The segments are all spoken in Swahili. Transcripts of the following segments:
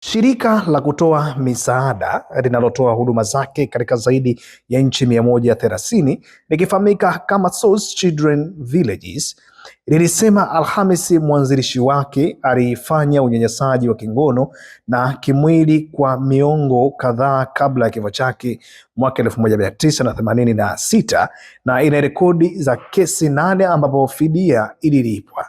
Shirika la kutoa misaada linalotoa huduma zake katika zaidi ya nchi mia moja thelathini likifahamika kama Source Children Villages lilisema Alhamisi mwanzilishi wake alifanya unyanyasaji wa kingono na kimwili kwa miongo kadhaa kabla ya kifo chake mwaka elfu moja mia tisa na themanini na sita na ina rekodi za kesi nane ambapo fidia ililipwa.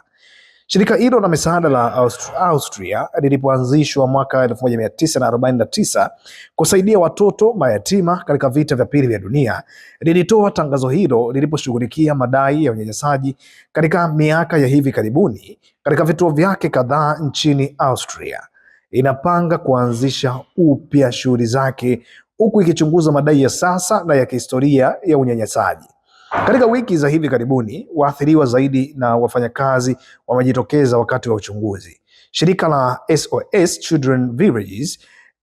Shirika hilo la misaada la Austria lilipoanzishwa mwaka 1949 kusaidia watoto mayatima katika vita vya pili vya dunia, lilitoa tangazo hilo liliposhughulikia madai ya unyanyasaji katika miaka ya hivi karibuni katika vituo vyake kadhaa nchini Austria. Inapanga kuanzisha upya shughuli zake huku ikichunguza madai ya sasa na ya kihistoria ya unyanyasaji. Katika wiki za hivi karibuni, waathiriwa zaidi na wafanyakazi wamejitokeza wakati wa uchunguzi. Shirika la SOS Children Villages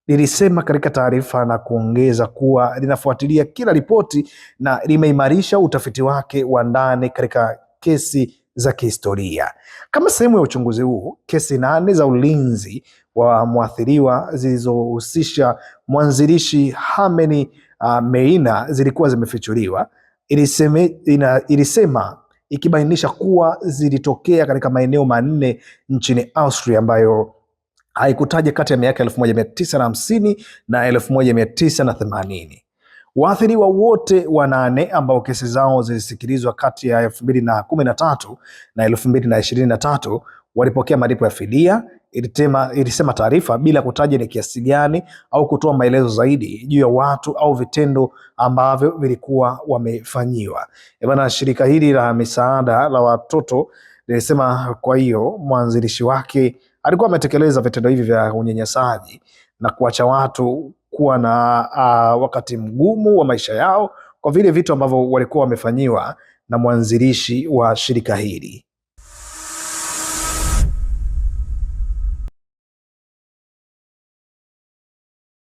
lilisema katika taarifa na kuongeza kuwa linafuatilia kila ripoti na limeimarisha utafiti wake wa ndani katika kesi za kihistoria. Kama sehemu ya uchunguzi huu, kesi nane za ulinzi wa mwathiriwa zilizohusisha mwanzilishi Hameni uh, ah, Meina zilikuwa zimefichuliwa iliseme, ina, ilisema ikibainisha kuwa zilitokea katika maeneo manne nchini Austria ambayo haikutaja kati ya miaka elfu moja mia tisa na hamsini na elfu moja mia tisa na themanini. Waathiriwa wote wanane ambao kesi zao zilisikilizwa kati ya elfu mbili na kumi na tatu na elfu mbili na ishirini na tatu walipokea malipo ya fidia, ilitema, ilisema taarifa bila kutaja ni kiasi gani au kutoa maelezo zaidi juu ya watu au vitendo ambavyo vilikuwa wamefanyiwa. E bana, shirika hili la misaada la watoto lilisema, kwa hiyo mwanzilishi wake alikuwa ametekeleza vitendo hivi vya unyanyasaji na kuacha watu kuwa na uh, wakati mgumu wa maisha yao kwa vile vitu ambavyo walikuwa wamefanyiwa na mwanzilishi wa shirika hili.